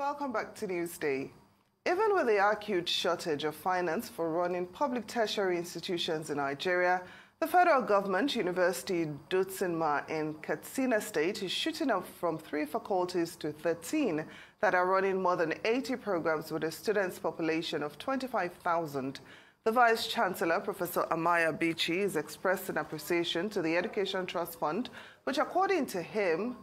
Welcome back to Newsday. Even with the acute shortage of finance for running public tertiary institutions in Nigeria, the federal government, University Dutsinma in Katsina State, is shooting up from three faculties to 13 that are running more than 80 programs with a students' population of 25,000. The Vice Chancellor, Professor Amaya Bichi, is expressing appreciation to the Education Trust Fund, which, according to him,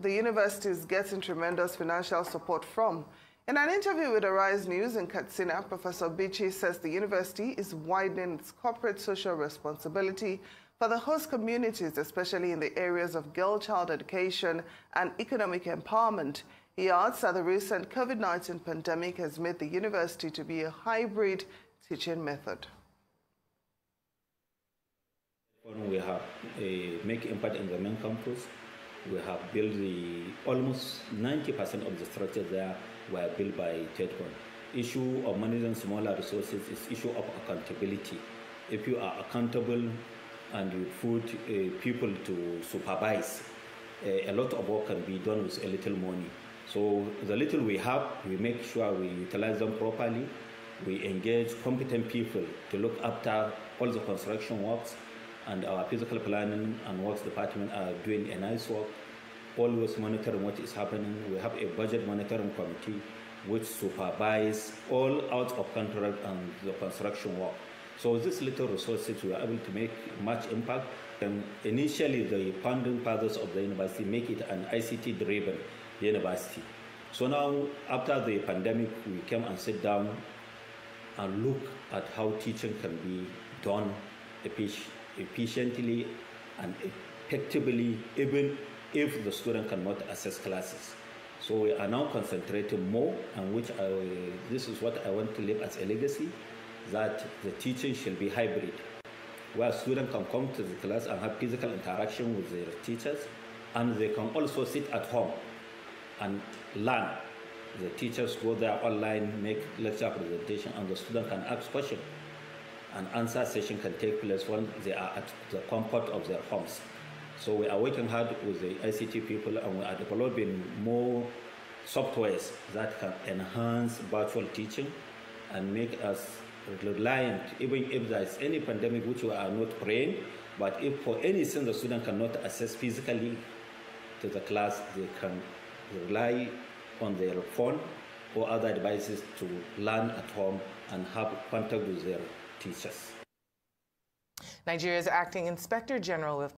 the university is getting tremendous financial support from. In an interview with Arise News in Katsina, Professor Bichi says the university is widening its corporate social responsibility for the host communities, especially in the areas of girl child education and economic empowerment. He adds that the recent COVID 19 pandemic has made the university to be a hybrid teaching method. We have a eh, make impact in the main campus we have built the almost 90% of the structure there were built by TEDCON. Issue of managing smaller resources is issue of accountability. If you are accountable and you put uh, people to supervise, uh, a lot of work can be done with a little money. So the little we have, we make sure we utilize them properly. We engage competent people to look after all the construction works and our physical planning and works department are doing a nice work, always monitoring what is happening. We have a budget monitoring committee which supervises all out of contract and the construction work. So these little resources we were able to make much impact. And initially, the founding fathers of the university make it an ICT-driven university. So now, after the pandemic, we came and sit down and look at how teaching can be done efficient, efficiently and effectively even if the student cannot access classes. So we are now concentrating more on which I, this is what I want to leave as a legacy, that the teaching shall be hybrid, where students can come to the class and have physical interaction with their teachers, and they can also sit at home and learn. The teachers go there online, make lecture presentation, and the student can ask questions. An answer session can take place when they are at the comfort of their homes. So we are working hard with the ICT people and we are developing more softwares that can enhance virtual teaching and make us reliant, even if there is any pandemic which we are not praying, but if for any reason the student cannot access physically to the class, they can rely on their phone or other devices to learn at home and have contact with their Nigeria's acting inspector general of